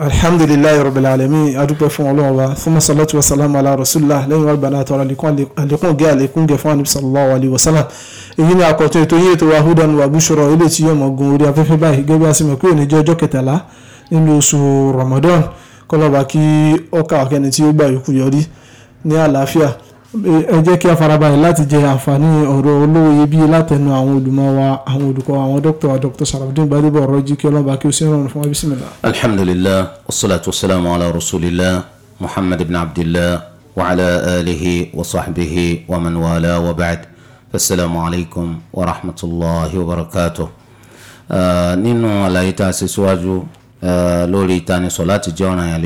alhamdulilayi rabbil alamin adúpẹ́ fún Ọlọ́run wa fúnma salatu wa salam ala rasulillah lẹ́yìn wàá gbàdá àtọrọ àlékún gẹ àlékún gẹ fún anabi sallallahu alayhi wa salam èyí ni àkọtún ètò yìí ètò wa hudan wa bushra ilé tí yọmọ gun orí afẹ́fẹ́ báyìí gẹ́gẹ́ bí a sì mọ̀ kẹtàlá nínú oṣù ramadan kọlọba kí ọkà akẹni tí ó gbà yòókù yọrí ní àlàáfíà ẹ jẹ́ kí a farabalẹ̀ láti jẹ àǹfààní ọ̀rọ̀ olówó iyebíye látẹnu àwọn olùmọ̀ wa àwọn olùkọ́ àwọn dókítà wa dókítà Sharafdeen Gbadebo ọ̀rọ̀ jí kí ọlọ́ba kí o sí ìrọ̀rùn fún wa bismillah. alhamdulilah wasalaatu wasalaamu ala rasulillah muhammad ibn abdillah wa ala alihi wa sahbihi wa man wala wa ba'd asalaamu alaykum wa rahmatulahi wa barakatuh. nínú àlàyé tá a ṣe síwájú lórí ìtanisọ̀ láti jẹ́ ọ̀ràn yàn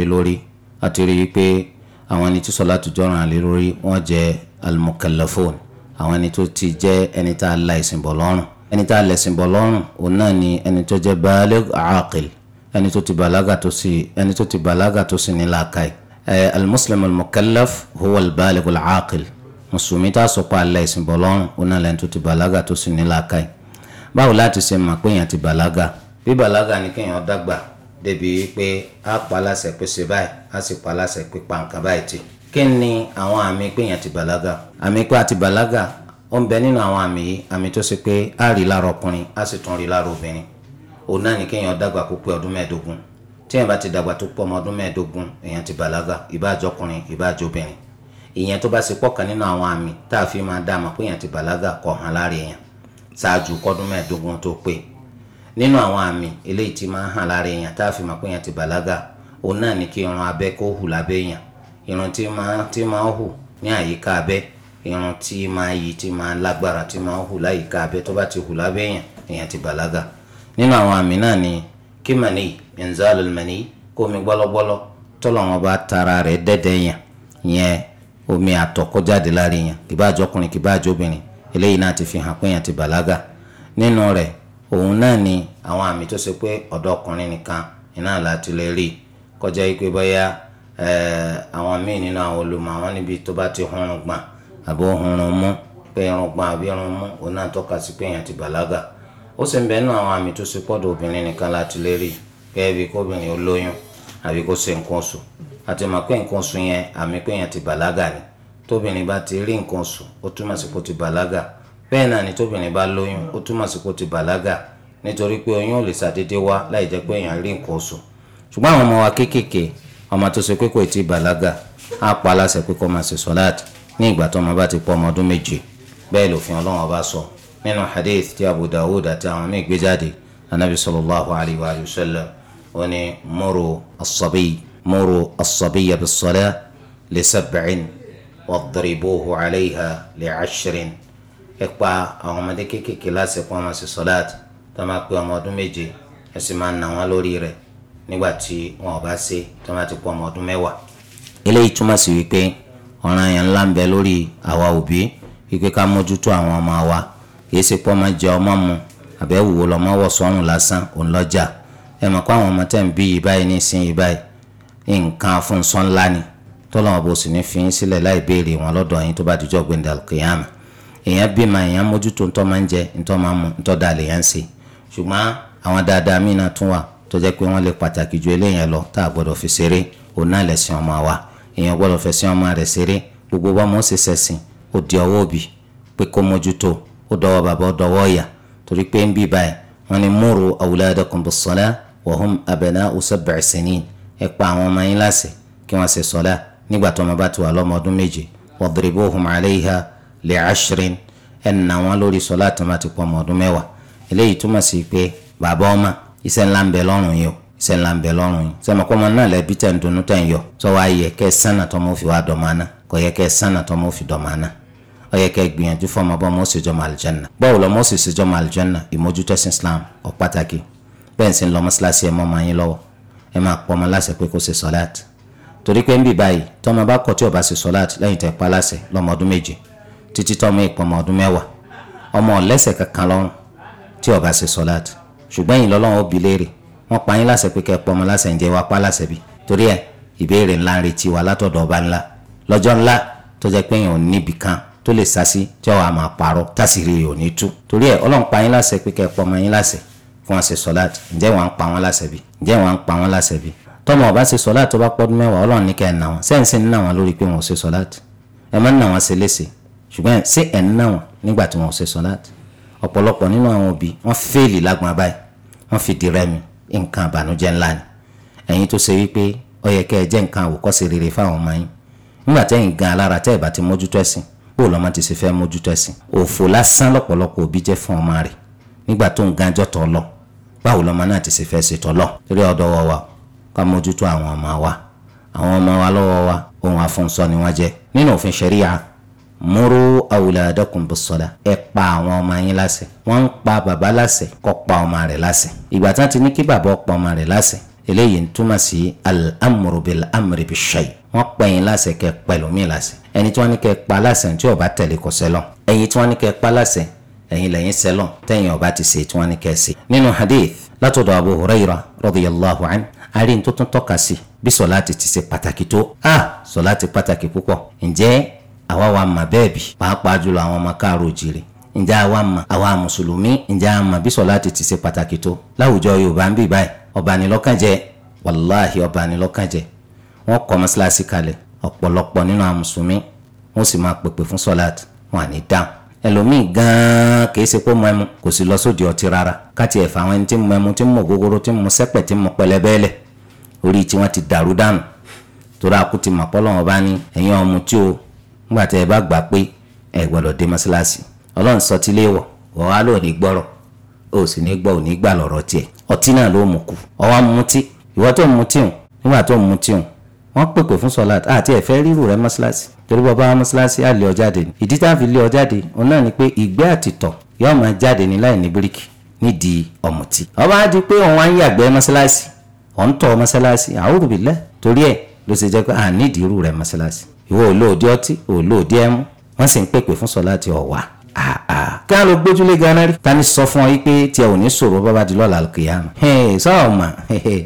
àti rí i pé àwọn ẹni tí sọlá tó jọràn àlè lórí wọ́n jẹ́ almukallafon àwọn ẹni tó ti jẹ́ ẹni tá a la ẹ̀sìn bọ̀ lọ́rùn ẹni tá a la ẹ̀sìn bọ̀ lọ́rùn òun náà ni ẹni tó jẹ́ baligh aqil ẹni tó ti bàlágà tó sì ẹni tó ti bàlágà tó sì ní làákàyè almuslim almukallaf huwa albaligh alaqil mùsùlùmí tá a sọ pé alẹ́ ẹ̀sìn bọ̀ lọ́rùn òun náà lẹ́ni tó ti bàlágà tó sì ní làákàyè báwo láti ṣe mọ̀ pé èèyàn ti bàlágà bí bàlágà ni kéèyàn dàgbà débi wípé a pa aláṣẹ pé ṣe báyìí a sì pa aláṣẹ pé pa nǹkan báyìí tì. kí ni àwọn àmì pé èèyàn ti bàlágà àmì pé a ti bàlágà ó ń bẹ nínú àwọn àmì yìí àmì tó ṣe pé a rí lára ọkùnrin a sì tún rí lára obìnrin òun náà ni kéèyàn dàgbà kó pé ọdún mẹ́ẹ̀ẹ́dógún tí èèyàn bá ti dàgbà tó pọ̀ ọmọ ọdún mẹ́ẹ̀ẹ́dógún èèyàn ti bàlágà ìbáàjọkùnrin ìbáàjọbìnrin ìyẹn tó bá ṣe pọ̀kan nínú àwọn àmì tá a fi máa dá àmọ̀ pé èèyàn ti bàlágà kọ̀ hàn lára èèyàn ṣáájú kọ́dún mẹ́ẹ̀ẹ́dógún tó pé nínú àwọn àmì eléyìí tí máa ń hàn lára èèyàn tá a fi mọ̀ pé èèyàn ti bàlágà òun náà ni kí irun abẹ́ kó hù lábẹ́ èèyàn irun tí máa tí máa hù ní àyíká abẹ́ irun tí máa yí tí máa lágbára tí máa hù láyìíká abẹ́ tó bá ti hù lábẹ́ èèyàn èèyàn ti bàlágà nínú àwọn àmì náà ni kí mani inzalul mani kó omi gbọ́lọ́gbọ́lọ́ tọ́lọ̀ wọn bá tara rẹ̀ dẹ́dẹ́ èèyàn ìyẹn omi àtọ̀ kó jáde lára èèyàn kìbá àjọkùnrin kìbá àjọbìnrin eléyìí náà ti fi hàn pé èèyàn ti bàlágà nínú rẹ̀ òun náà ni àwọn àmì tó ṣe pé ọ̀dọ́ ọkùnrin nìkan iná láti lè rí kọjá yìí pé bóyá àwọn míì nínú àwọn olùmọ̀ àwọn níbi tó bá ti hun gbà àbí hun mú pé irun gbà àbí irun òun náà tọ́ka sí pé èèyàn ti bàlágà ó sì ń àwọn àmì tó ṣe obìnrin nìkan láti lè rí bí kóbìnrin olóyún àbí kó ṣe nǹkan oṣù àti ni tóbìnrin bá ti rí bẹ́ẹ̀ náà ni tóbìnrin bá lóyún ó túmọ̀ sí kó ti bàlágà nítorí pé oyún ò lè ṣàdédé wá láì jẹ́ pé èèyàn rí nǹkan oṣù ṣùgbọ́n àwọn ọmọ wa kéékèèké ọmọ tó ṣe pé kò tí ì bàlágà á pa aláṣẹ pé kó máa ṣe sọláàt ní ìgbà tó ọmọ bá ti pọ ọmọ ọdún méje bẹ́ẹ̀ lòfin ọlọ́run ọba sọ nínú hadith tí abu dawud àti àwọn míì gbé jáde anabi sallallahu alayhi wa sallam ó ní muru asabi muru asabi yabi sọlá lè alayha lè ashirin ẹ pa àwọn ọmọdé kéékèèké láṣẹ kó máa ṣe sọláàtì tó máa pé ọmọ ọdún méje ẹ sì máa nà wọn lórí rẹ̀ nígbà tí wọn ò bá ṣe tó máa ti pọ ọmọ ọdún mẹ́wàá. eléyìí túmọ̀ sí wípé ọ̀ràn yẹn ńlá ń bẹ lórí àwa òbí wípé ká mójútó àwọn ọmọ wa kìí ṣe pọ́ máa jẹ ọmọ mu àbẹ́wò wo lọ́mọ wọ̀ sọ́run lásán òun lọ́jà ẹ mọ̀ pé àwọn ọmọ tẹ̀ ń bí yìí báyìí nísìn yìí nǹkan fún sọ́ńlá ni tọ́lọ́mọ bó sì ní fi ń sílẹ̀ láì béèrè wọn lọ́dọ̀ yín tó bá dijọ́ gbẹ̀ndàlùkìyàmù èèyàn bima èèyàn mójútó ntọ́ máa ń jẹ ntọ́ máa ń mu ntọ́ da lè yẹn ṣùgbọ́n àwọn dáadáa míì tún wà tó jẹ́ pé wọ́n lè pàtàkì ju eléyẹn lọ tá a gbọ́dọ̀ fi ṣeré òun náà lẹ̀sìn ọmọ wa èèyàn gbọ́dọ̀ fẹ̀sìn ọmọ rẹ̀ ṣeré gbogbo ṣẹ̀sìn ó di ọwọ́ mójútó ó dọwọ́ bàbá ó dọwọ́ Le ashrin ẹ̀ nà wọ́n lórí sọ láti má ti pọ̀ ọmọ ọdún mẹ́wàá eléyìí túmọ̀ sí pé bàbá ọmọ iṣẹ́ ńlá ń bẹ lọ́rùn yìí o iṣẹ́ ńlá ń bẹ lọ́rùn yìí sẹ́mi kọ́mọ náà lẹ́bi tẹ̀ ń dunnú tẹ̀ ń yọ sọ wá yẹ kẹ́ ẹ sànà tó mọ́ fi wá dọ̀mọ́ àná kò yẹ kẹ́ sànà tó mọ́ fi dọ̀mọ́ àná ó yẹ kẹ́ gbìyànjú fọmọ bọ́ mọ́ ṣèjọ́ mọ́ àlùjànnà bọ́ọ̀ lọ mọ́ ṣèjọ́ mọ́ àlùjànnà ìmójútó sí Islam ó pàtàkì bẹ́ẹ̀ sì ń lọ mọ́ṣáláṣí ẹ̀ mọ́ máa yín lọ́wọ́ ẹ máa pọ́ ọmọ láṣẹ pé kó ṣe sọ́láàtì torí pé ń bì báyìí tọ́mọ bá kọ̀ tí ò bá ṣe sọ́láàtì lẹ́yìn tẹ̀ pa láṣẹ lọ́mọ ọdún méje títí tọ́mọ ìpọ̀mọ ọdún mẹ́wàá ọmọ ọ̀lẹ́sẹ̀ kankan lọ́rùn tí ó bá ṣe sọ́láàtì ṣùgbọ́n yìí lọ́lọ́run ó bi léèrè wọ́n pa yín láṣẹ pé kẹ́ pọ́mọ láṣẹ ń jẹ́ wá pa láṣẹ bí torí ẹ̀ ìbéèrè ńlá ń retí wa látọ̀dọ̀ ọba ńlá lọ́jọ́ ńlá tó jẹ́ pé èèyàn níbi kan tó lè sásí tí ó wà máa parọ́ tásìrì ò ní tú torí ẹ̀ ọlọ́run pa yín láṣẹ pé kẹ́ pọ́mọ yín láṣẹ fún àṣẹ sọ́láàtì ǹjẹ́ wàá ń pa wọn láṣẹ bí ǹjẹ́ wàá ń pa wọn láṣẹ bí tọmọ ọba ṣe sọ́láàtì tó bá pọ́dún mẹ́wàá ọlọ́run ní kẹ́ ẹ̀ nà wọn sẹ́yìn sí ní nà wọn lórí pé wọn ò ṣe sọ́láàtì ẹ ṣùgbọ́n ṣé ẹ̀ ń náwọn nígbà tí wọ́n ṣe sọ́láàtì ọ̀pọ̀lọpọ̀ nínú àwọn òbí wọ́n fèèlì lágbọ̀n abáyé wọ́n fi di rẹ́mi nǹkan àbànújẹ́ ńlá ni ẹ̀yin tó ṣe wípé ó yẹ kẹ́ ẹ jẹ́ nǹkan àwòkọ́ṣe rere fáwọn ọmọ yín nígbà tẹ́yìn gan alára tẹ́ ẹ̀ bá ti mójútó ẹ̀sìn bó lọ́mọ ti ṣe fẹ́ mójútó ẹ̀sìn òfò lásán lọ́pọ̀lọpọ̀ òbí jẹ́ fún ọmọ rẹ̀ nígbà tó ń ganjọ́ tọ́ lọ báwo lọ́mọ náà ti ṣe fẹ́ ṣe tọ́ lọ torí ọ̀dọ́ wọ wa ká mójútó àwọn ọmọ wa àwọn ọmọ wa lọ́wọ́ wa ohun àfọ̀nsọ ni wọ́n jẹ́ nínú òfin ṣẹ̀ríyà múrú awladakum bis-salah ẹ pa àwọn ọmọ yín láṣẹ wọ́n ń pa bàbá láṣẹ kó pa ọmọ rẹ̀ láṣẹ ìgbà tán ti ní kí bàbá pa ọmọ rẹ̀ láṣẹ eléyìí ń túmọ̀ sí al-amru bil-amri bish-shay wọ́n pa yín láṣẹ kẹ́ pẹ̀lú mi láṣẹ ẹni tí wọ́n ní kẹ́ pa láṣẹ tí ó bá tẹ̀lé kò sẹ́lọ̀ tí wọ́n ní kẹ́ pa láṣẹ ẹ̀yin lẹ́yìn sẹ́lọ̀ tẹ̀yin ó ti ṣe tí wọ́n ní kẹ́ ṣe. nínú hadith látọ̀dọ̀ Abu Hurairah radiyallahu anhu àárín tó tún tọ́ka sí bí sọ̀láàtì ti ṣe pàtàkì tó a ah! sọ̀láàtì pàtàkì púpọ̀ ǹjẹ́ àwa wa mà bẹ́ẹ̀ bí pàápàá jùlọ àwọn ọmọ káàró jìrì ǹjẹ́ àwa mà àwa mùsùlùmí ǹjẹ́ àmà bí sọ láti ti ṣe pàtàkì tó láwùjọ yorùbá ń bì báyìí ọ̀bànilọ́kànjẹ́ wàláhì ọ̀bànilọ́kànjẹ́ wọ́n kọ́ mọ́ṣáláṣí kalẹ̀ ọ̀pọ̀lọpọ̀ nínú àwọn mùsùlùmí wọ́n sì máa pèpè fún sọ́láàtì wọn à ní dáhùn ẹlòmíì gan-an kì í ṣe pé mọ́ẹ́mu kò sì lọ sóde ọtí rárá káti ẹ̀fà àwọn ẹni tí ń mọ́ẹ́mu tí ń mọ̀ gógóró tí ń mọ̀ sẹ́pẹ̀ tí ń mọ̀ pẹlẹbẹ́lẹ̀ orí tí wọ́n ti dàrú dànù torí akú ti mọ̀ pọ́lọ́wọ́n bá ní ẹ̀yin ọmọ tí o nígbà tẹ́ ẹ bá gbà pé ẹ gbọ́dọ̀ dé mọ́ṣáláṣí ọlọ́run sọ tí léèwọ̀ wọ́n ní gbọ́rọ̀ o sì ní gbọ́ ò ní gbà lọ́rọ̀ tiẹ̀ ọtí náà ló mú kú ọwọ́ mutí ìwọ tó mutí hùn nígbà tó mutí hùn wọ́n pèpè fún sọ́láàtì àti ẹ̀fẹ́ rírù rẹ mọ́ṣáláṣí torí bọ́ bá àlè ọ̀jáde ni ìdí tá a fi lé ọ̀jáde òun náà ni pé ìgbẹ́ àtìtọ̀ yóò máa jáde ní láì ní bíríkì nídìí ọ̀mùtí. ọba á di pé òun á ń yàgbẹ́ mọ́ṣáláṣí òun tọ̀ mọ́ṣáláṣí àwòrán bìlẹ̀ torí ẹ̀ ló ṣe jẹ́ pé à nídìí irú rẹ̀ mọ́ṣáláṣí ìwọ ò lóòdì ọtí ò lóòdì ẹmu wọ́n sì ń pèpè fún sọ láti ọ̀wà ah, ah. kí á lọ gbójúlé ganan rí ta ni sọ fún ọ yìí pé tí ẹ ò ní sọ̀rọ̀ bàbá di lọ́la alkiyama sọ́ọ̀ mà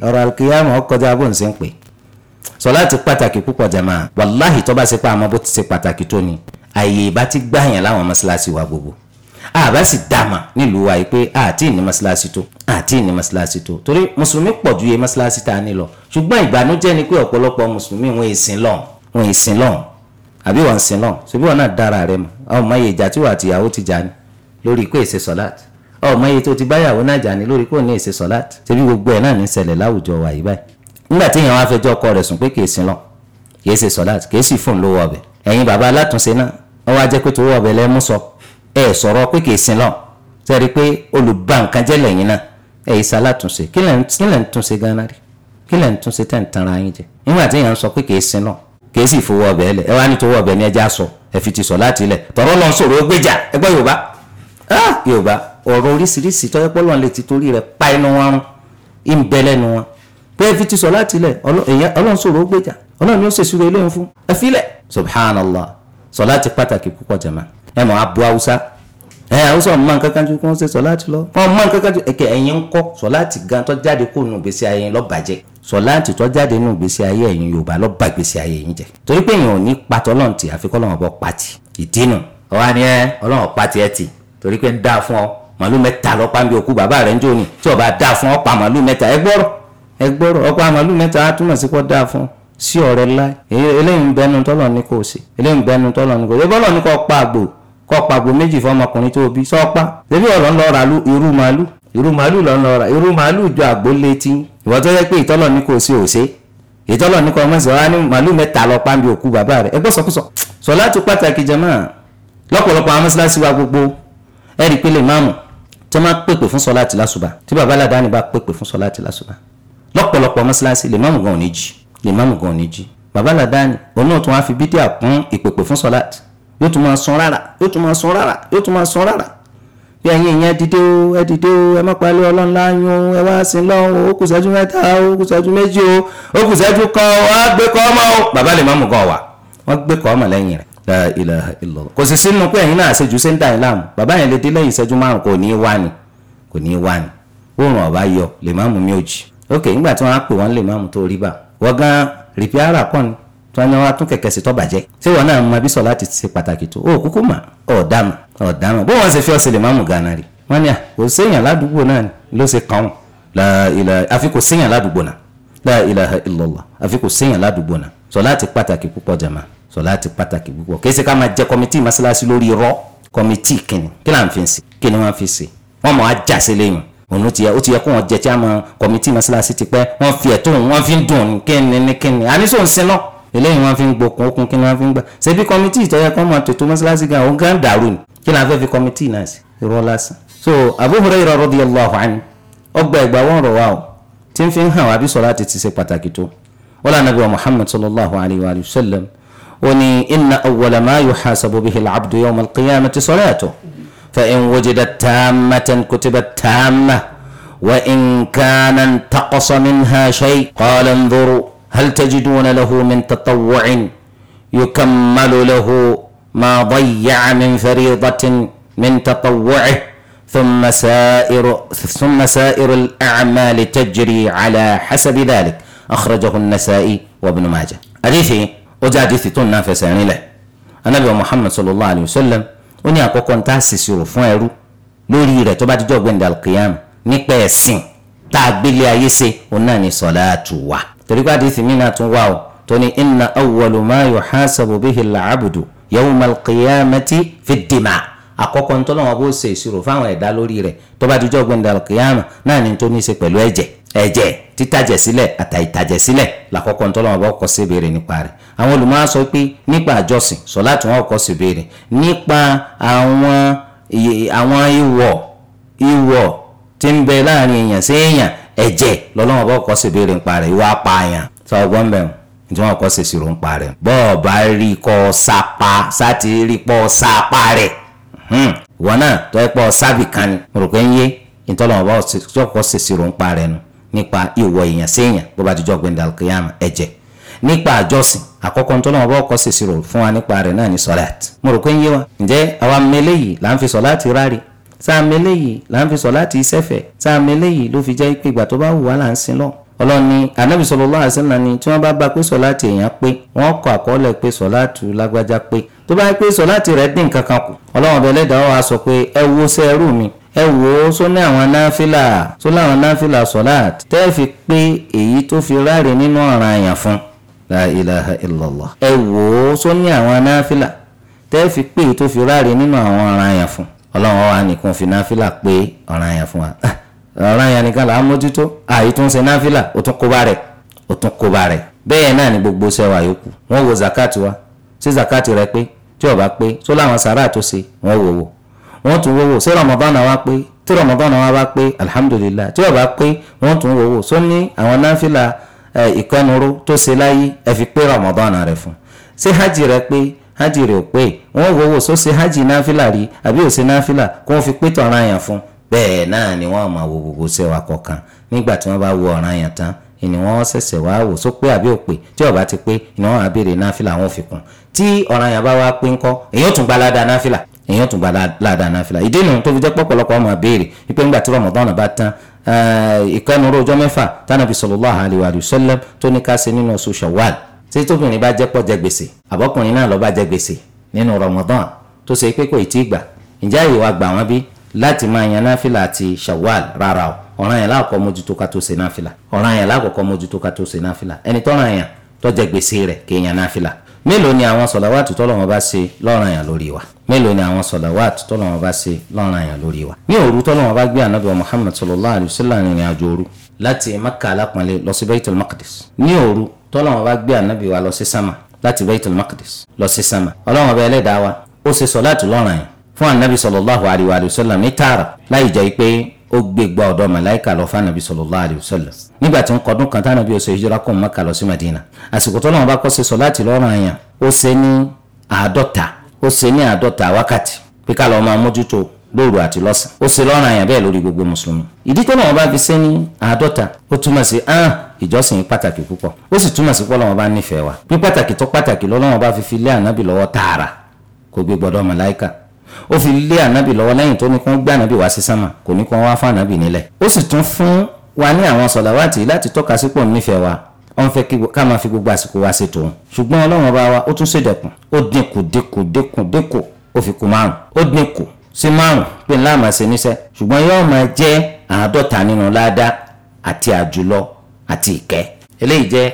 ọ̀rọ̀ alkiyama ọkọjá bó ń sẹ́ ń pè sọ láti pàtàkì púpọ̀ jàmá wàláhì tó bá ṣe pa àmọ́ bó ti ṣe pàtàkì tó ni àyè ìbá ti gbàyàn láwọn mọ́ṣáláṣí wa gbogbo àbá sì dàmà nílùú wa yìí pé àti ìní mọ́ṣáláṣí tó àti ìní mọ́ṣáláṣí tó torí mùsùlùmí pọ̀ ju iye mọ́ṣáláṣí tá a ní lọ ṣùgbọ́n ìbànújẹ́ ni pé ọ̀pọ̀lọpọ̀ mùsùlùmí wọn èsìn lọ́hùn wọn ìsìn lọ́hùn àbí wọn ìsìn lọ́hùn ṣùgbọ́n wọn náà dára rẹ mọ̀ àwọn ọmọ iye ìjà tí wọn àti ìyàwó ti jà ní lórí pé èsè sọ́láàt àwọn ọmọ iye tó ti báyàwó náà jà ní lórí pé òun ní èsè sọ́láàt ṣebí gbogbo ẹ̀ náà ní ṣẹlẹ̀ láwùjọ wa yìí báyìí nígbà tí èèyàn wá fẹjọ́ ọkọ rẹ̀ sùn pé kì í sin lọ kì í ṣe sọ́láàt kì í sì fún lówó ọbẹ̀ ẹ̀yin bàbá alátúnṣe náà wọ́n wá jẹ́ pé tówó ọbẹ̀ lẹ́mú nígbà tí èèyàn sọ pé kì í sin lọ kìí sì fowó ọbẹ̀ lẹ̀ ẹ wá ní towó ọbẹ̀ ní ẹja sọ ẹ fi ti sọ láti ilẹ̀ tọ̀rọ̀ lọ sọ̀rọ̀ gbéjà ẹ gbọ́ yorùbá yorùbá ọ̀rọ̀ oríṣiríṣi tọ́jú pé Ọlọ́run lè ti torí rẹ̀ pa inú wọn rún ń bẹ lẹ́nu wọn pé ẹ fi ti sọ láti ilẹ̀ Ọlọ́run sọ̀rọ̀ gbéjà Ọlọ́run ni ó ṣèṣirò eléyìí fún ẹ filẹ̀ subhanallah sọ láti pàtàkì púpọ̀ jẹ̀mọ́ ẹ mọ̀ abu hausa ẹ hausa ọmọ nǹkan kan ju kí wọ́n ṣe sọ láti lọ ọmọ nǹkan kan ju ẹ̀kẹ́ ẹ̀yin ń sọ láti gan tó jáde kó nù gbèsè ayẹyẹ lọ́bàjẹ́ sọláǹtì tó jáde nínú ìgbésí ayé ẹ̀yin yorùbá lọ bá ìgbésí ayé yín jẹ torí pé èèyàn ò ní patọ ọlọ́run tì àfikọ́ ọlọ́run ọbọ̀ pati ìdínà ọ̀wá ni ẹ ọlọ́run pati ẹ ti torí pé ń dáa fún ọ màálù mẹ́ta lọ pa níbi òkú bàbá rẹ̀ ń jó ni tí ọba dáa fún ọ pa màálù mẹ́ta ẹ gbọ́rọ̀ ẹ gbọ́rọ̀ ọpa màálù mẹ́ta á túmọ̀ sí pọ́ dáa fún ọ sí ọ̀rẹ́ láì eléyìí ń bẹnu tọ́lọ̀ ní kò sí eléyìí ń bẹnu tọ́lọ̀ ní kò sí ebọ́lọ̀ ní kò pa àgbò kọ́ pàgbò méjì fọmọkùnrin tó bí sọ́pá irú màálù lọ́n lọ ra irú màálù ju àgbólé tí ìwọ́n tó yẹ pé ìtọ́lọ̀ ní kò sí òsè ìtọ́lọ̀ ní kò ọmọ ìsìn wa ní màálù mẹ́ta lọ pàmì òkú bàbá rẹ̀ ẹgbẹ́ sọkúsọ. sọlá tó pàtàkì jama lọ́pọ̀lọpọ̀ àwọn mọ́sálásí wa gbogbo ẹ̀rí pé lè máàmù tó máa pèpè fún sọlá ti lásùbà tí bàbá aládàáni bá pèpè fún sọlá ti lásùbà lọ́pọ̀lọpọ̀ mọ́sálásí lè máàmù gan ò ní jí lè máàmù gan ò ní jí bàbá aládàáni òun náà tún wá fi bídíà bí ẹ̀yin ìyẹn dìde o ẹ dìde o ẹ má palẹ̀ ọlọ́run láyún o ẹ wá sí lọ́hùn o kù sẹ́jú mẹ́ta o kù sẹ́jú méjì o o kù sẹ́jú kan o á gbé kọ́ ọmọ o bàbá lè má mú kọ́ wa wọ́n gbé kọ́ ọmọ lẹ́yìn rẹ̀ la ilaha illallah kò sì sínú pé ẹ̀yin náà ṣèjú ṣe ń dà ẹ́ láàmú bàbá yẹn lè dé lẹ́yìn ìṣẹ́jú márùn kò ní í wá ni kò ní í wá ni oòrùn ọ̀bá yọ lè má mú mi òjì ok nígbà tí wọ́n á pè wọ́n lè má mú tó bá wọ́n gan rìpíárà kọ́ tí wọ́n ní wọ́n á tún kẹ̀kẹ́ sí tó bàjẹ́ ṣé wọn náà mọ bí sọ láti ṣe pàtàkì tó o kúkú mà ọ̀dàmà ọ̀dàmà bó wọn ṣe fi ọ̀sẹ̀ lè má mú gánà rí wọ́n ní à kò séèyàn ládùúgbò náà ló ṣe kàn án àfi kò séèyàn ládùúgbò náà la ilaha illallah àfi kò séèyàn ládùúgbò náà sọ láti pàtàkì púpọ̀ jàmá sọ láti pàtàkì púpọ̀ kì í ṣe ká máa jẹ kọmitì masalasi lórí irọ́ kọmitì kìnnì kí là ń fi ṣe kí ni wọ́n fi ṣe wọ́n mọ̀ á jà sí lẹ́yìn òun ti yẹ ó ti yẹ kó wọn jẹ tí a mọ kọmitì masalasi ti pẹ́ wọ́n fi ẹ̀tọ́ wọn fi dùn kíni kíni àníṣòǹsìn náà eléyìí wọ́n fi ń gbokùn okùn kí ni wọ́n fi ń gbà ṣebí kọmitì ìtọ́jà kan máa tètò mọ́ṣáláṣí gan òun gan dàrú ni kí ni a fẹ́ fi kọmitì náà sí irọ́ lásán. so Abu Hurairah radiyallahu anhu ọgbà ẹgbà wọn rọ wa o tí ń fi ń hàn wá bí sọlá ti ti ṣe pàtàkì tó wala nabi wa Muhammad sallallahu alayhi wa sallam ó ní inna awwala ma yuhasabu bihi al-abdu yawma al-qiyamati salatuhu fa in wujidat tammatan kutibat tammah wa in kana intaqasa minha shay qala anzuru هل تجدون له من تطوع يكمل له ما ضيع من فريضه من تطوعه ثم سائر ثم سائر الاعمال تجري على حسب ذلك اخرجه النسائي وابن ماجه حديثي وجاديثي تون يعني له النبي محمد صلى الله عليه وسلم وني اكوكو نتا سيسيرو فون ايرو lórí rẹ̀ tó bá dijọ́ gbẹ̀ndà alqiyam nípa ẹ̀sìn tá torí pé àdìsí mi náà tún wà o tó ní inna awwalu ma yuhasabu bihi al-abdu yawmal qiyamati fi dima àkọ́kọ́ nítorí wọn bó ṣe ìṣirò fáwọn ẹ̀dá lórí rẹ̀ tó bá dijọ́ gbẹ̀ndà kìyàmà náà ni tó ní í ṣe pẹ̀lú ẹ̀jẹ̀ ẹ̀jẹ̀ títàjẹ̀ sílẹ̀ àtàìtàjẹ̀ sílẹ̀ làkọ́kọ́ nítorí wọn bó kọ́ sí ìbéèrè nípa rẹ̀ àwọn olùmọ̀ọ́ sọ pé nípa àjọsìn sọ láti wọn kọ́ sí ìbéèrè nípa àwọn ìwọ̀ tí ń bẹ láàrin èèyàn sí èèyàn ẹ̀jẹ̀ lọ́lọ́wọ́n bọ́ kọ́ ṣèbéèrè ńpa rẹ̀ ìwà apààyàn sọ ọgbọ́n bẹ́ẹ̀ tí wọn kọ́ ṣèṣirò ńpa rẹ̀ bọ́ọ̀ bá rí kọ́ sapa sátì rí pọ́ sapa rẹ̀ hmm. wọn náà tọ́ ẹ pọ́ sábì kan ni mo rò pé ń yé ìtọ́lọ́wọ́n bá kọ́ ṣèṣirò ńpa rẹ̀ nu nípa ìwọ èèyàn séèyàn bó bá ti jọ gbẹ̀ndà kìyàmù ẹ̀jẹ̀ nípa àjọsìn àkọ́kọ́ nítorí wọn bá ọkọ̀ ṣèṣirò fún wa nípa rẹ̀ náà ní sọ́láàtì mo rò pé ń yé wa ǹjẹ́ àwa mẹ́lẹ́yìí là ń fi sọ́láàtì rárí sáàmì eléyìí là ń fi sọ láti sẹ́fẹ̀ sáàmì eléyìí ló fi jẹ́ pé ìgbà tó bá wù wá là ń sin lọ. ọlọ́ni anábì sallallahu alaihi wasallam ni tí wọ́n bá bá pé sọ láti èèyàn pé wọ́n kọ àkọọ́lẹ̀ pé sọ láti lágbájá pé tó bá pé sọ láti rẹ̀ dín kankan kù ọlọ́run ọbẹ̀ lẹ́dàá wa sọ pé ẹ wo sẹ́ẹ̀rù mi ẹ wò ó sọ ní àwọn náfìlà sọ láwọn náfìlà sọláàt tẹ́ fi pé èyí tó fi ráre nínú ọ̀ràn àyàn fún ẹ wò sọ ní àwọn náfìlà tẹ́ fi pé èyí tó fi ráre nínú ọ̀ràn àyàn fún ọlọ́run wa nìkan fi náfìlà pé ọ̀ràn yẹn fún wa ọ̀ràn yẹn nìkan là á mójútó àyè tó ń ṣe náfìlà ó tún kóbá rẹ̀ ó tún kóbá rẹ̀ bẹ́ẹ̀ náà ni gbogbo sẹ́wà yòókù wọ́n wo zakati wa ṣé zakati rẹ pé tí ó bá pé tó láwọn sàrà tó ṣe wọ́n wò wò wọ́n tún wò wò ṣé rọmọbọ́nà wa pé tí rọmọbọ́nà wa bá pé alihamudulilayi tí ó pé wọ́n tún wò wò só ní àwọn náfìlà ìkọnuró tó ṣe láyé ẹ fi pé rọmọbọ́nà rẹ fún ṣé hajj rẹ pé hajj rẹ̀ ò pé wọ́n wò wò sóse hajj náfìlà rí àbí òsè náfìlà kó wọ́n fi pétọ̀ ara yàn fún bẹ́ẹ̀ náà ni wọ́n máa wo gbogbo sẹ́wà kọ̀ọ̀kan nígbà tí wọ́n bá wo ọ̀ràn yàn tán ni wọ́n ṣẹ̀ṣẹ̀ wá wò só pé àbí òpè tí ó ti pé ni wọ́n á béèrè náfìlà wọn fi kún tí ọ̀ràn yàn bá wá pé ńkọ́ èyí ó tún gba ládàá náfìlà èyí ó tún gba ládàá náfìlà ìdí nu tó fi jẹ́ pọ̀pọ̀lọpọ̀ ọmọ béèrè wípé ńgbà tí Ramadan bá tán eh, ìkànnì ọjọ́ mẹ́fà tánàbí sallallahu alaihi wa sallam tó ní ká ṣe nínú oṣù Shawwal ṣé tóbìnrin bá jẹ́ pọ̀ jẹ gbèsè àbọ̀kùnrin náà lọ́ọ́ bá jẹ gbèsè nínú Ramadan tó ṣe pé kò ì tí ì gbà ǹjẹ́ àyè wa gbà wọ́n bí láti máa yan náfìlà àti Shawwal rárá o ọ̀ràn yẹn láàkọ́ mójútó ká tó ṣe náfìlà ọ̀ràn yẹn láàkọ́kọ́ mójútó ká tó ṣe náfìlà ẹni tọ́ràn yẹn tó gbèsè rẹ̀ kéèyàn náfìlà mélòó ni àwọn sọ̀làwàtú tọ́lọ́wọ́n bá ṣe lọ́ranyàn lórí wa mélòó ni àwọn sọ̀làwàtú tọ́lọ́wọ́n bá ṣe lọ́ranyàn lórí wa. ní òru tọ́lọ́wọ́n bá gbé ànábì wa Muhammad sallallahu alayhi wa sallam rìnrìn àjò òru láti Makka alápọ̀nlé lọ sí Baitul Maqdis ní òru tọ́lọ́wọ́n bá gbé ànábì wa lọ sí sama láti Baitul Maqdis lọ sí sama ọlọ́wọ́n ọba ẹlẹ́dàá wa ó ṣe sọ̀làtú lọ́ranyàn fún ànábì sallallahu alayhi wa sallam ní tààrà láì jẹ́ pé ó gbé gba ọ̀dọ̀ màláìka lọ fún anabi sallallahu alayhi wa sallam nígbà tí ń kọdún kan tánàbí ó ṣe hijira kó Mákà lọ sí Madina àsìkò tó náà bá kọ́ ṣe sọ̀láàtì lọ́rùn àyàn ó ṣe ní àádọ́ta ó ṣe ní àádọ́ta wákàtí pé ká lọ́ọ́ máa mójútó lóru àti lọ́sàn ó ṣe lọ́rùn àyàn bẹ́ẹ̀ lórí gbogbo mùsùlùmí ìdí tó náà bá fi ṣe ní àádọ́ta ó túmọ̀ sí ahàn ìjọsìn pàtàkì púpọ̀ ó sì túmọ̀ sí pọ́lọ́wọ́n bá nífẹ̀ẹ́ wa bí pàtàkì tó pàtàkì lọ́lọ́wọ́n bá fi fi lé ànábì lọ́wọ́ tààrà kò gbé gbọ́dọ̀ màláìka ó fi lé ànábì lọ́wọ́ lẹ́yìn tó ní kó ń gbé ànábì wá sí sánmà kò ní kó ń wá fún ànábì nílẹ̀ ó sì tún fún wa ní àwọn sọ̀làwátì láti tọ́ka sípò nífẹ̀ẹ́ wa wọ́n fẹ́ ká máa fi gbogbo àsìkò wa ṣètò òun ṣùgbọ́n ọlọ́run ọba wa ó tún ṣèdẹ̀kùn ó dínkù dínkù dínkù dínkù ó fi kù márùn ó dínkù sí márùn pé ńlá máa ṣe níṣẹ́ ṣùgbọ́n yóò máa jẹ́ àádọ́ta nínú ládàá àti àjùlọ àti ìkẹ́ eléyìí jẹ́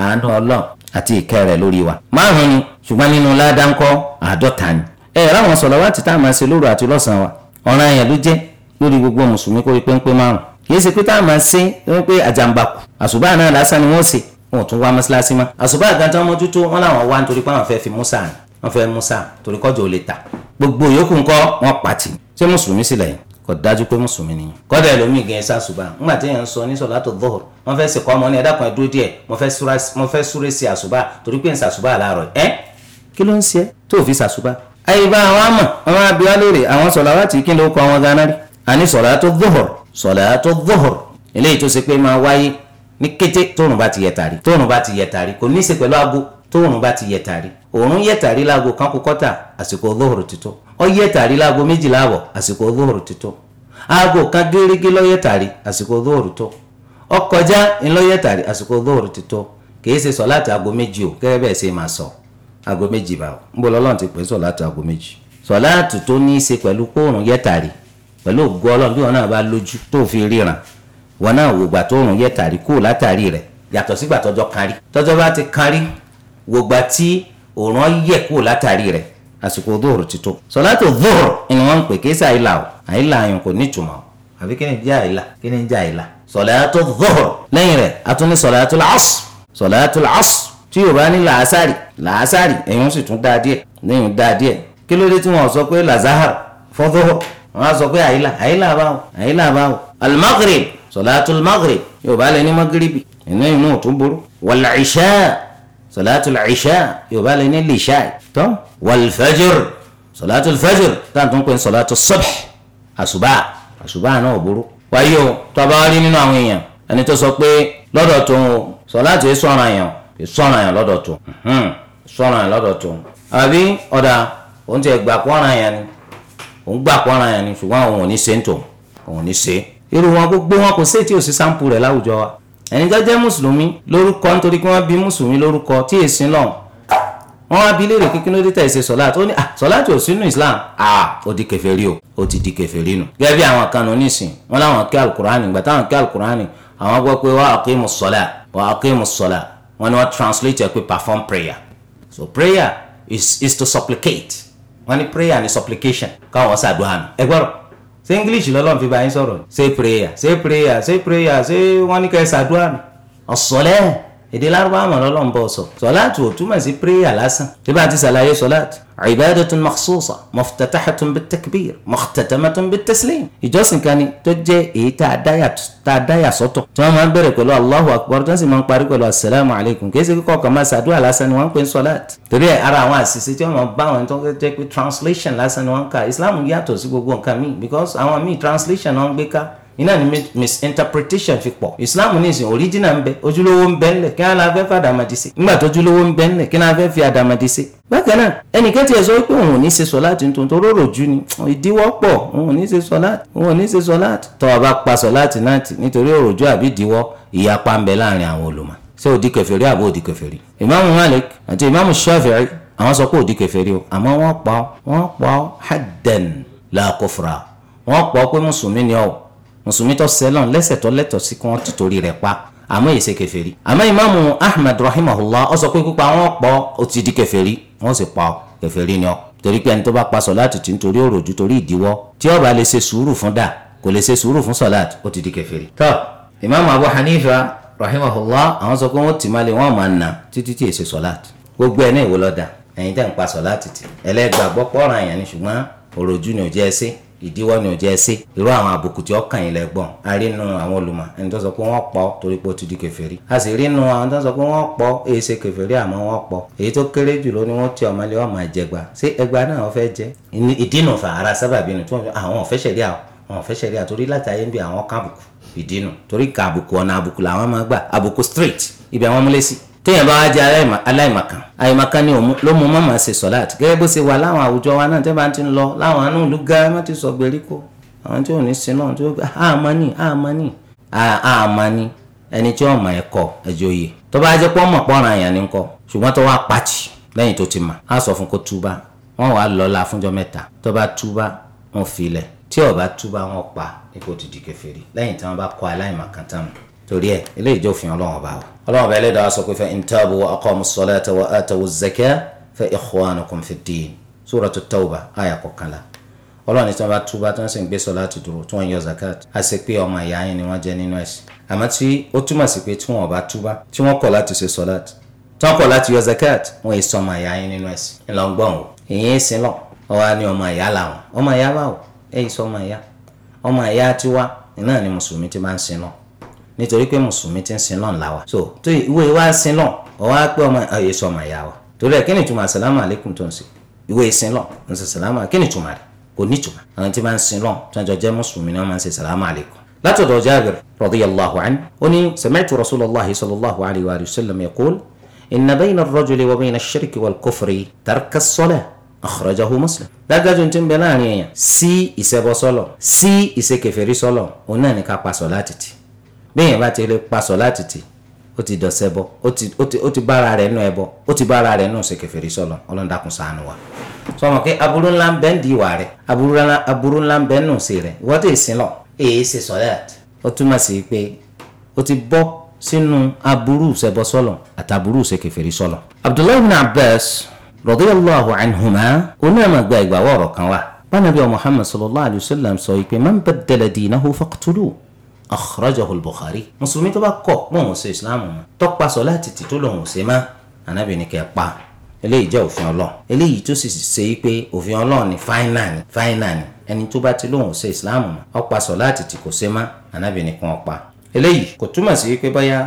àánú ọlọ́run àti ìkẹ́ rẹ̀ lórí wa márùn ni ṣùgbọ́n nínú ládàá ńkọ́ àádọ́ta ni ẹ ẹ ráwọn sọ̀rọ̀ wá ti tá a máa ṣe lóru àti lọ́sàn-án wa ọ̀ràn yẹn ló jẹ́ lórí gbogbo mùsùlùmí kó rí péńpé márùn kìí ṣe pé tá a máa ṣe wọn pé àjàǹbàkù àṣùbà náà lásán ni wọ́n ṣe wọn ò tún wá mọ́ṣáláṣí mọ́ àṣùbà gan tán mójútó wọn làwọn wá nítorí pé àwọn fẹ́ fi musa ni wọn fẹ́ musa torí kọ́jọ ò lè tà gbogbo yòókù ńkọ́ wọn pàtì ṣé mùsùlùmí sì lẹ́yìn kò dájú pé mùsùlùmí nìyẹn kọ́dà ẹlòmíì gan ẹ̀sán àṣùbà ńgbà tí èèyàn ń sọ ní sọ̀látò dọ́hùr wọ́n fẹ́ sèkọ́ ọmọ ní ẹ̀dá kan dúró díẹ̀ wọ́n fẹ́ súré sí àṣùbà torí pé ń sàṣùbà láàárọ̀ ẹ́ kí ló ń ṣe tó fi sàṣùbà àyíbá àwọn àmọ̀ àwọn abiyá lóore àwọn sọ̀làwátì kí ló kọ́ wọn ganan rí àní sọ̀làtò dọ́hùr sọ̀làtò dọ́hùr eléyìí tó ṣe pé máa wáyé ní kété tóòrùn bá ti yẹ tàrí tóòrùn bá ti yẹ tàrí kò ní í ṣe pẹ̀lú aago tóòrùn bá ti yẹ tàrí òòrùn yẹ tàrí láago kan kú kọ́tà àsìkò dọ́hùr ti tó ó yẹ tàrí láago méjìlá àwọ̀ àsìkò dọ́hùr ti tó aago kan gérégé ló tàrí àsìkò dọ́hùr tó ó kọjá tàrí àsìkò dọ́hùr ti tó ṣe sọ láti aago méjì o gẹ́gẹ́ bẹ́ẹ̀ ṣe máa sọ aago méjì báwo níbo lọ́lọ́run ti pè sọ̀ láti aago méjì sọ̀láàtù tó ní í ṣe pẹ̀lú kóòrùn yẹ́tàrí pẹ̀lú ògo ọlọ́run bí wọn náà bá lójú tó fi ríran wọn náà wògbà tóòrùn yẹ́tàrí kúrò látàrí rẹ̀ yàtọ̀ sígbà tọ́jọ́ kárí tọ́jọ́ bá ti kárí wògbà tí òòrùn yẹ̀ kúrò látàrí rẹ̀ àsìkò dóòrò ti tó. sọ̀láàtù dóòrò ni wọ́n ń pè kí sàìlà o àìlà yẹn kò ní àbí kí ni jẹ́ àìlà kí ni jẹ́ àìlà sọ̀láàtù tí yorùbá ní làásàrì làásàrì ẹ̀yìn sì tún dáa díẹ̀ lẹ́yìn dáa díẹ̀ kí ló dé tí wọ́n sọ pé lazahar fọ́dọ́họ̀ wọ́n á sọ pé àyílà àyílà báwo àyílà báwo al-maghrib sọ̀látùl maghrib yorùbá lẹ ní magribi ẹ̀nà inú òtún burú wàlàìṣá sọ̀látùl àìṣá yorùbá lẹ ní lìṣá tó wàlfẹ́jìr sọ̀látùl fẹ́jìr táàtún pé sọ̀látù subh àṣùbà àṣùbà náà burú. wáyé o tó a nínú àwọn èèyàn ẹni tó sọ pé lọ́dọ̀ tó ń sọ̀látù yẹn sọ̀ràn yẹn o ìsọ̀ràn yẹn lọ́dọ̀ tó ìsọ̀ràn yẹn lọ́dọ̀ tó àbí ọ̀dà òun ti gbà pọ́nrán yẹn ni òun gbà pọ́nrán yẹn ni ṣùgbọ́n òun ò ní ṣe ń tò òun ò ní ṣe. irú wọn gbogbo wọn kò sí ètí òsì sáǹpù rẹ̀ láwùjọ wa ẹni tó jẹ́ mùsùlùmí lórúkọ nítorí pé wọ́n bí mùsùlùmí lórúkọ tí èsì náà wọ́n wá bi léèrè kíkín ló dé tẹ̀ ṣe sọ̀láàt ó ní à sọ̀láàt ò sínú islam à ó di kèfèrí o ó ti di kèfèrí nù. gẹ́gẹ́ bí àwọn kan onísìn wọn láwọn kí alukur'ani ìgbà táwọn kí alukur'ani àwọn gbọ́ pé wà á kí mu sọ̀lá wà á kí mu sọ̀lá When we translate ẹ̀ pé perform prayer so prayer is is to supplicate wọ́n ní prayer ni supplication káwọn ṣàdúrà nù ẹ gbọ́dọ̀ english lọ́lọ́run fi bá yín sọ̀rọ̀ ṣé prayer say prayer say prayer say. wọ́n ní kẹ́ ṣàdúrà nù ọ̀sọ̀lẹ́ èdè lárúbá àmọ́ lọ́lọ́run bọ́ sọ sọláàtù ò túmọ̀ sí pírẹ́yà lásán tí bá ti ṣàlàyé sọláàtù ibadatun makhsusa muftatahatun bitakbir muhtatamatun bitaslim ìjọsìn kan ni tó jẹ́ èyí tá a dáyà sọ́tọ̀ tí wọ́n máa ń bẹ̀rẹ̀ pẹ̀lú allahu akbar tó ń sì máa ń parí pẹ̀lú asalaamu alaykum kí ẹ ṣe kíkọ́ kan máa ṣàdúrà because àwọn translation náà iná ni misinterpretation fi pọ̀ islam ní ìsìn original ń bẹ ojúlówó ń bẹ ńlẹ̀ kí wọn la fẹ́ fi àdàmàdì sí nígbà tó ojúlówó ń bẹ ńlẹ̀ kí wọn la fẹ́ fi àdàmàdì sí. bákan náà ẹnìkan tiẹ̀ sọ pé òun ò ní ṣe sọ̀láàtì nítorí tó rọrò jù ni ìdíwọ́ pọ̀ òun ò ní ṣe sọ̀láàtì òun ò ní ṣe sọ̀láàtì tọ́ ọ bá pa sọ̀láàtì náà tì nítorí òròjú àbí ìdíwọ́ ìyapa ń bẹ láàrin àwọn olùmọ̀ Malik àti ìmáàmù Shafi'i àwọn sọ pé òdi kèfèrí o àmọ́ la kufra wọ́n pa ọ́ mùsùlùmí tó sẹ́lọ̀ lẹ́sẹ̀ tó lẹ́tọ̀ sí kí wọ́n ti torí rẹ̀ pa àmọ́ èsè kèfèrí àmọ́ ìmáàmù ahmed rahimahullah ó sọ pé pípa wọn pọ̀ ó ti di kèfèrí wọ́n sì pa kèfèrí ni ọ́ torí pé ẹni tó bá pa sọ̀láàtì tí nítorí òròjú torí ìdíwọ́ tí ó bá lè ṣe sùúrù fún dà kò lè ṣe sùúrù fún sọ̀láàtì ó ti di kèfèrí. tó ìmáàmù abu hanifa rahimahullah àwọn sọ pé wọ́n ti máa lè wọ́n máa nà títí tí èsè sọ̀láàtì gbogbo ẹ̀ náà ìwọ lọ́dà ẹ̀yin tẹ̀ ń pa sọ̀láàtì tì ẹlẹ́gbàá gbọ́ àyàn ni ṣùgbọ́n òròjú ni ò jẹ́ ẹ sí ìdíwọ́ ni ò jẹ́ ṣe irú àwọn àbùkù tí ó kàn yín lẹ́gbọ̀n a rí nu àwọn olùmọ̀ ẹni tó sọ pé wọ́n pọ̀ torí pé ó ti di kèfèrí a sì rí nu àwọn tó sọ pé wọ́n pọ̀ èyí ṣe kèfèrí àmọ́ wọ́n pọ̀ èyí tó kéré jù ni wọ́n ti ọmọlé wọn máa jẹgba ṣé ẹgba náà wọ́n fẹ́ jẹ ìdínà fàárà sábàbí ni tí wọ́n fi àwọn ọ̀fẹ́ ṣẹ̀rí àwọn ọ̀fẹ́ ṣẹ̀rí àtorí látàyé ń bi straight ibẹ̀ wọ́n téèyàn bá wá jẹ aláìmọ̀kan àìmọ̀kan ni ló mú mọ́mọ́ ṣe sọ̀láàtì gẹ́gẹ́ bó ṣe wà láwọn àwùjọ wa náà tẹ́ bá ti ń lọ láwọn àánú ìlú gan ẹ má ti sọ gbèríko àwọn tí ò ní sinú tí ó gbà àmọ́ ni àmọ́ ni àmọ́ ni ẹni tí ọmọ ẹ kọ ẹjọ yìí tó bá jẹ́ pé ọmọ pọ́nra èèyàn ní kọ ṣùgbọ́n tó wá pàtì lẹ́yìn tó ti mà á sọ fún kó túbá wọ́n wàá lọ́la fúnjọ́ mẹ́ta tó bá túbá wọn filẹ̀ tí ó bá wọn pa ní kó ti lẹ́yìn tí wọ́n bá kọ aláìmọ̀kan tán torí ẹ̀ eléyìí jẹ́ òfin Ọlọ́run ọba wa ọlọ́run bẹ́ẹ̀ lẹ́dàá sọ pé fa in tabu wa aqamu ssalata wa atawu zaka fa ikhwanukum fi ddin suratu tawba àyà kọkànlá ọlọ́run tí wọ́n bá túbá tí wọ́n sì ń gbé sọlá ti dúró tí wọ́n yọ zakat a sì pé ọmọ ìyá yín ni wọ́n jẹ́ nínú ẹ̀sìn àmọ́ tí ó túmọ̀ sí pé tí wọ́n bá túbá tí wọ́n kọ̀ láti ṣe sọlá tí wọ́n kọ̀ láti yọ zakat wọ́n yìí sọ ọmọ ìyá yín nínú ẹ̀sìn ńlọ o ìyẹn ń lọ ọwọ́ ni ọmọ ìyá làwọn ọmọ ìyá báwo ẹ̀yìn sọ ọmọ ìyá ọmọ ìyá tiwa náà ni mùsùlùmí ti máa ń sin lọ nítorí pé mùsùlùmí ti ń sin lọ́n la wa so tó ìwé wa sin lọ́n ọwọ́ á pé ọmọ ẹ̀yẹ sọmọ ìyá wa torí ẹ̀ kí ni ìtumọ̀ àsàlámù àlékún tó ń ṣe ìwé sin lọ́n ń ṣe sàlámù kí ni ìtumọ̀ rẹ̀ kò ní ìtumọ̀ àwọn tí máa ń sin lọ́n tí wọ́n jọ jẹ́ mùsùlùmí ni wọ́n máa ń ṣe sàlámù àlékún látọ̀dọ̀ Jábìr radiyallahu anhu ó ní sami'tu rasulallahi sallallahu alayhi wa sallam yaqul inna bayna muslim. dágájú tí ń bẹ láàrin èèyàn sí ìṣẹbọ sọlọ sí ìṣekèfèrí sọlọ òun náà ní ká pa sọ bẹ́ẹ̀ bá ti lè pasọ̀ láti tì ó ti dọ̀sẹ̀ bọ ó ti bára rẹ̀ nù ẹbọ ó ti bára rẹ̀ nù ṣèkèfèrè sọlọ ọlọ́dàkùn ṣàánú wa sọmọ pé aburú ńlá ń bẹ ń di ìwà rẹ̀ aburú ńlá ń bẹ ń nù sí rẹ̀ ìwọ́n tó ìsìn lọ èyí ṣe sọ̀rẹ́ àti ó túmọ̀ sí pé ó ti bọ́ sínú aburú ṣẹbọ sọlọ àtàburú ṣèkèfèrè sọlọ. Abdullahi ibn Abbas akhrajahu al-Bukhari mùsùlùmí tó bá kọ̀ pọ̀ òun ṣe islam mọ́ tọ́pa sọ láti tì tó lòun ṣe má ànábì ní kẹ́ pa eléyìí jẹ́ òfin ọlọ́run eléyìí tó sì ṣe é pé òfin ọlọ́run ni fáínà ni fáínà ni ẹni tó bá ti lòun ṣe islam mọ́ ọ̀pa sọ láti tì kò ṣe má ànábì ní kàn pa eléyìí kò túmọ̀ sí pé báyà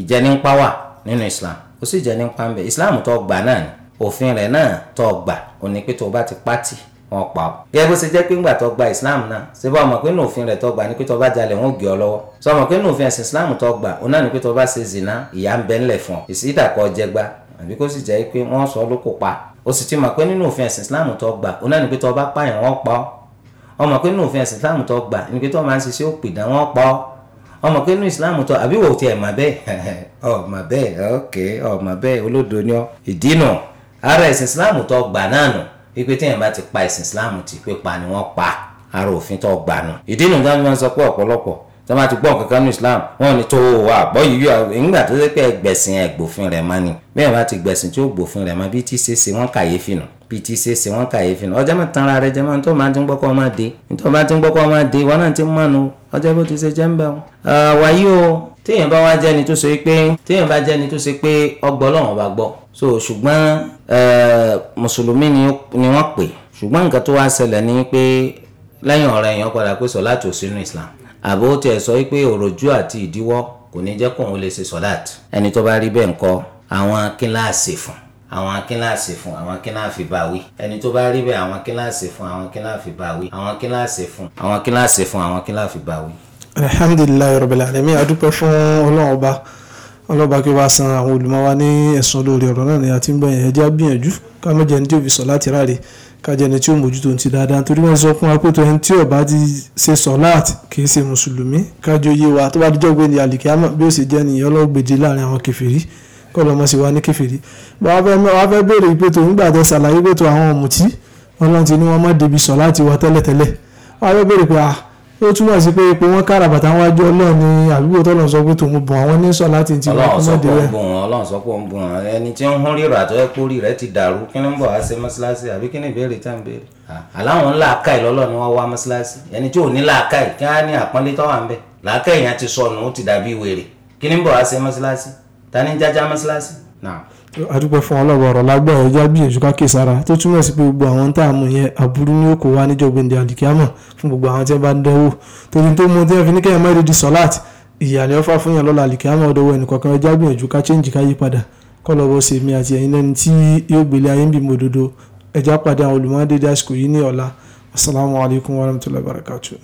ìjẹnipa wà nínú islam ó sì jẹnipa ń bẹ islam tó gbà náà ni òfin rẹ̀ náà tó gbà òní pé tó bá ti pátì wọn pa ọ. gẹ́gẹ́ bó ṣe jẹ́ pé ńgbà tó gba islam náà ṣé bá ọmọ pé nù òfin rẹ̀ tó gba ni pé tó bá jalè wọn ò gé ọ lọ́wọ́ sọ ọmọ pé nù ẹ̀sìn islam tó gba òun náà ni pé tó bá ṣe zina ìyà ń bẹ ńlẹ̀ fún ọ ìsídàkọ jẹgba àbí kó sì jẹ́ pé wọ́n sọ ló kó pa ó sì ti mọ̀ pé nínú òfin ẹ̀sìn islam tó gbà òun náà ni pé tó bá pààyàn wọ́n pa ọ́ ọmọ pé nínú òfin ẹ̀sìn islam tó gbà ni pé tó máa ń ṣiṣẹ́ òpìdán wọ́n pa ọ́ ọmọ pé nínú islam tó àbí wò ó tiẹ̀ mà bẹ́ẹ̀ ọ mà bẹ́ẹ̀ ok ọ mà bẹ́ẹ̀ olódo ni ọ ìdí nù ara ẹ̀sìn islam tó gbà náà nù wípé téèyàn bá ti pa ẹ̀sìn islam ti pípa ni wọ́n pa ara òfin tó gbà nù. ìdí nìyí tí wọ́n sọ pé ọ̀pọ̀lọpọ̀ tó máa ti gbọ́ nǹkan kan ní islam wọ́n ní tó wà bọ́ yìí yọ ìgbà tó ṣe pé ẹgbẹ̀sìn ẹgbòfin rẹ̀ má ni bẹ́ẹ̀ bá ti gbẹ̀sìn tí ó gbòfin rẹ̀ má bí tí ṣe ṣe wọ́n kàyéfì nù bíi ti ṣe ṣe wọ́n kàyéfì nù ọjọ́ máa tanra rẹ jẹ́ máa tó máa ti ń gbọ́kọ́ máa dé tó máa ti ń gbọ́kọ́ máa dé wọn náà ti ń mọ̀nù ọjọ́ bó ti ṣe jẹ́ ń bẹ̀ o téèyàn so ṣùgbọ́n mùsùlùmí ni wọ́n pè ṣùgbọ́n nǹkan tó wá ṣẹlẹ̀ ni pé lẹ́yìn ọ̀rẹ́ yẹn padà pé sọ̀láàtì ò sínú islam àbò tiẹ̀ sọ pé òròjú àti ìdíwọ́ kò ní jẹ́ kóun lè ṣe sọ̀láàtì ẹni tó bá rí bẹ́ẹ̀ ńkọ́ àwọn kíláàsì fún àwọn kíláàsì fún àwọn kíláàsì báwí ẹni tó bá rí bẹ́ẹ̀ àwọn kíláàsì fún àwọn kíláàsì báwí àwọn kíláàsì fún àwọn kíláàsì fún àwọn kíláàsì báwí. alhamdulilayi rabbil alamin adúpẹ́ fún ọlọ́run ọba ọlọ́ba kí wá san àwọn olùmọ̀ wa ní ẹ̀sùn lórí ọ̀rọ̀ náà ni àti ń gbẹ̀yìn ẹja gbìyànjú ká mọ̀jẹ̀ ní tí ò fi sọ láti ráre ká jẹ́ ẹni tí ó mójútó ti dáadáa torí wọ́n sọ fún wa pé tó ẹni tí ọba ti ṣe sọ̀láàtì kì í ṣe mùsùlùmí kájọ yé wa tó bá dijọ́ gbé ní àlìkíyàmá bí ó ṣe jẹ́ nìyẹn ọlọ́gbèdè láàrin àwọn kẹfìrí kọ́ lọ́mọ sí wa ní kẹfìrí wàá fẹ́ béèrè pé tó ń gbàdẹ ó túmọ̀ sí pé ipò wọn kára bàtà wọn wájú ọlọ́run ní àdúgbò tó lọ́n sọ pé tòun bùn àwọn ní láti ti wá kí dé rẹ̀. ọlọ́run sọ pé òun bùn wọn ẹni tí ń hún rírà tó ẹ kórì rẹ ti dàrú kí ló ń bọ̀ wá sí mọ́ṣáláṣí àbí kí ni ìbéèrè tá à ń béèrè. aláwọn làákàyè lọ́lọ́run ni wọ́n wá mọ́ṣáláṣí ẹni tí ò ní làákàyè kí wọ́n ní àpọ́nlé tó wà ń bẹ̀ adúpẹ́ fún ọlọ́wọ́ ọ̀rọ̀ lágbára ẹja bí èṣù ká késara tó túmọ̀ sí pé gbogbo àwọn tá a mọ̀ yẹn aburú ní òkò wa níjọba ìdí àlìkíámọ̀ fún gbogbo àwọn tí wọ́n bá ń dánwò torí tó mú tí wọ́n fi ní kẹ́yìn mẹ́rin di sọ́láàt ìyà ni ọ̀fà fún yàn lọ́la àlìkíámọ̀ ọ̀dọ́wọ́ ẹnìkọ̀ọ̀kan ẹja gbìyànjú ká chéǹjì ká yí kọ́lọ́wọ́ wabarakatuh